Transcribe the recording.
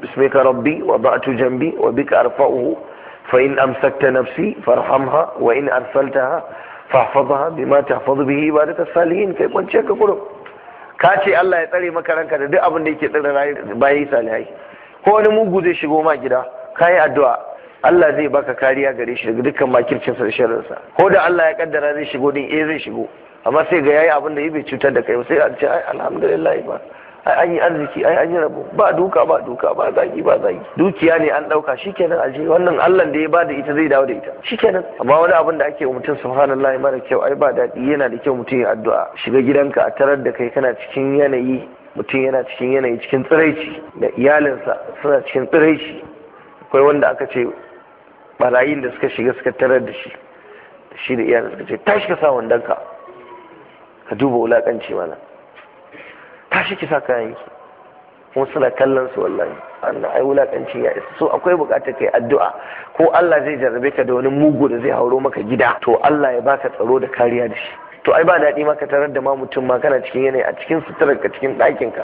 باسمك ربي wa جنبي وبك أرفعه فإن أمسكت نفسي فارحمها وإن أرسلتها فاحفظها بما تحفظ به عبادة الصالحين كيف أنت كفر كاتي الله يتري مكانك da duk abinda da yake tsare bayi salihai ko wani mugu zai shigo ma gida kayi addu'a Allah zai baka kariya gare shi daga dukkan makircinsa da ko da Allah ya kaddara zai shigo din e zai shigo amma sai ga yayi abin da ya bai cutar da kai sai a ce alhamdulillah ba ai an yi arziki ai an yi rabo ba duka ba duka ba zagi ba zagi dukiya ne an dauka shikenan aje wannan Allah da ya bada ita zai dawo da ita shikenan amma wani abin da ake mutum subhanallahi mara kyau ai ba daɗi yana da kyau mutum ya addu'a shiga gidanka a tarar da kai kana cikin yanayi mutum yana cikin yanayi cikin tsiraici da iyalinsa suna cikin tsiraici akwai wanda aka ce barayin da suka shiga suka tarar da shi shi da iyalinsa suka ce tashi ka sa wandanka ka duba wulakanci mana tashi ki sa kayan ki kuma suna kallon su wallahi Allah ai wulakanci ya isa so akwai bukatar kai addu'a ko Allah zai jarrabe ka da wani mugu da zai hauro maka gida to Allah ya baka tsaro da kariya da shi to ai ba daɗi maka tarar da ma mutum ma kana cikin yanayi a cikin suturar ka cikin ɗakin ka